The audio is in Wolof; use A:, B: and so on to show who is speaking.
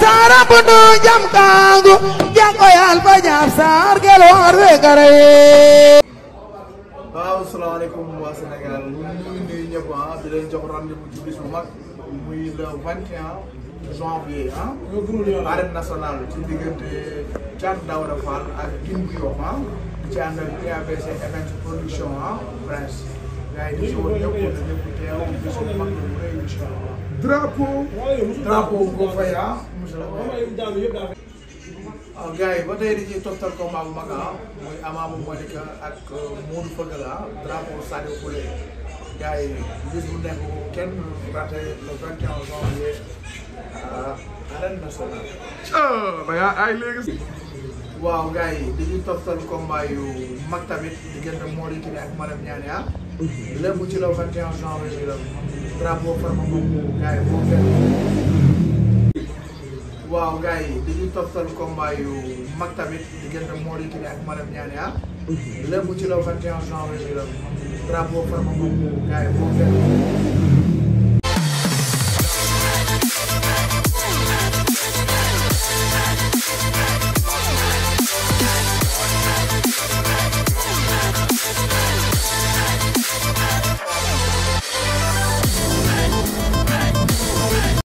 A: sara bundu jam jango yal ba jam sar gel war we gare waaw ah, gars yi ba tey dañuy toftal combat bu mag ah muy Ama bu Malika ak euh, Modou Feugeula drapeau Sadio Koulé gars yi bis bu nekk kenn raté le 21 janvier arène nationale. ah da ngaa ay léegi. waaw gars yi dañuy toftal combat yu mag tamit diggante Mauritanie ak Marème Niane ah. lépp ci le 21 janvier bi la drapeau farma boobu gars yi foofu waaw gars yi dañuy toftal combat yu mag tamit diggante Mauritanie ak Malem Niania. Ah. Mhm. lépp ci le 21 janvier bi la drapeau Farba Ngom gars yi boo fekk.